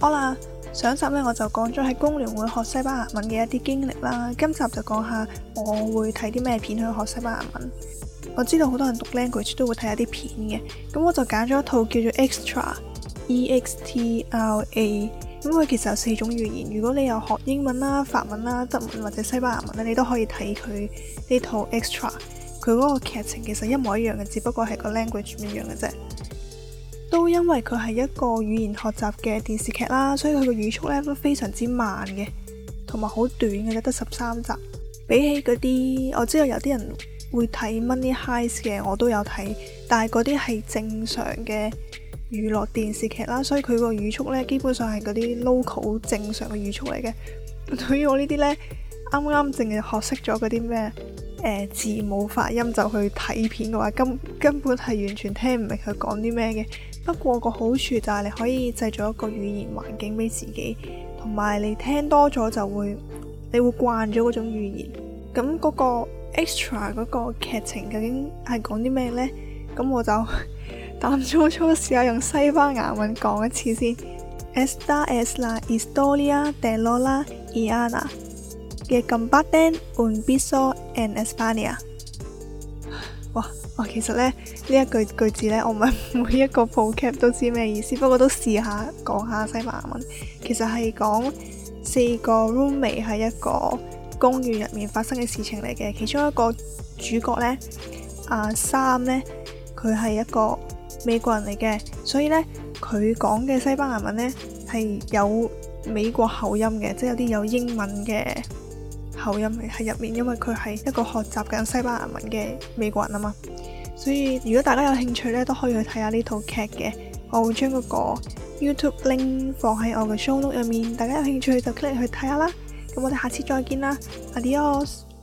好啦，Hola, 上集呢，我就講咗喺工聯會學西班牙文嘅一啲經歷啦，今集就講下我會睇啲咩片去學西班牙文。我知道好多人讀 language 都會睇一啲片嘅，咁我就揀咗一套叫做 Extra，E X T R A，咁佢其實有四種語言，如果你有學英文啦、法文啦、德文或者西班牙文咧，你都可以睇佢呢套 Extra，佢嗰個劇情其實一模一樣嘅，只不過係個 language 唔一樣嘅啫。都因為佢係一個語言學習嘅電視劇啦，所以佢個語速咧都非常之慢嘅，同埋好短嘅，得十三集。比起嗰啲我知道有啲人會睇 Money Heist 嘅，我都有睇，但係嗰啲係正常嘅娛樂電視劇啦，所以佢個語速咧基本上係嗰啲 local 正常嘅語速嚟嘅。對於我呢啲咧，啱啱淨係學識咗嗰啲咩？呃、字母發音就去睇片嘅話，根根本係完全聽唔明佢講啲咩嘅。不過個好處就係你可以製造一個語言環境俾自己，同埋你聽多咗就會，你會慣咗嗰種語言。咁嗰個 extra 嗰個劇情究竟係講啲咩呢？咁我就 膽粗粗試下用西班牙文講一次先。Esta es la historia de Lola y Ana。嘅 band on 金巴丁、奧比索和阿斯潘尼亞。哇！啊，其實咧呢一句句子咧，我唔係每一個報劇都知咩意思，不過都試下講下西班牙文。其實係講四個 roommate 喺一個公寓入面發生嘅事情嚟嘅。其中一個主角咧阿、啊、三咧，佢係一個美國人嚟嘅，所以咧佢講嘅西班牙文咧係有美國口音嘅，即係有啲有英文嘅口音喺入面，因為佢係一個學習緊西班牙文嘅美國人啊嘛，所以如果大家有興趣咧，都可以去睇下呢套劇嘅。我會將嗰個 YouTube link 放喺我嘅 show note 入面，大家有興趣就 click 去睇下啦。咁我哋下次再見啦，Adios。Ad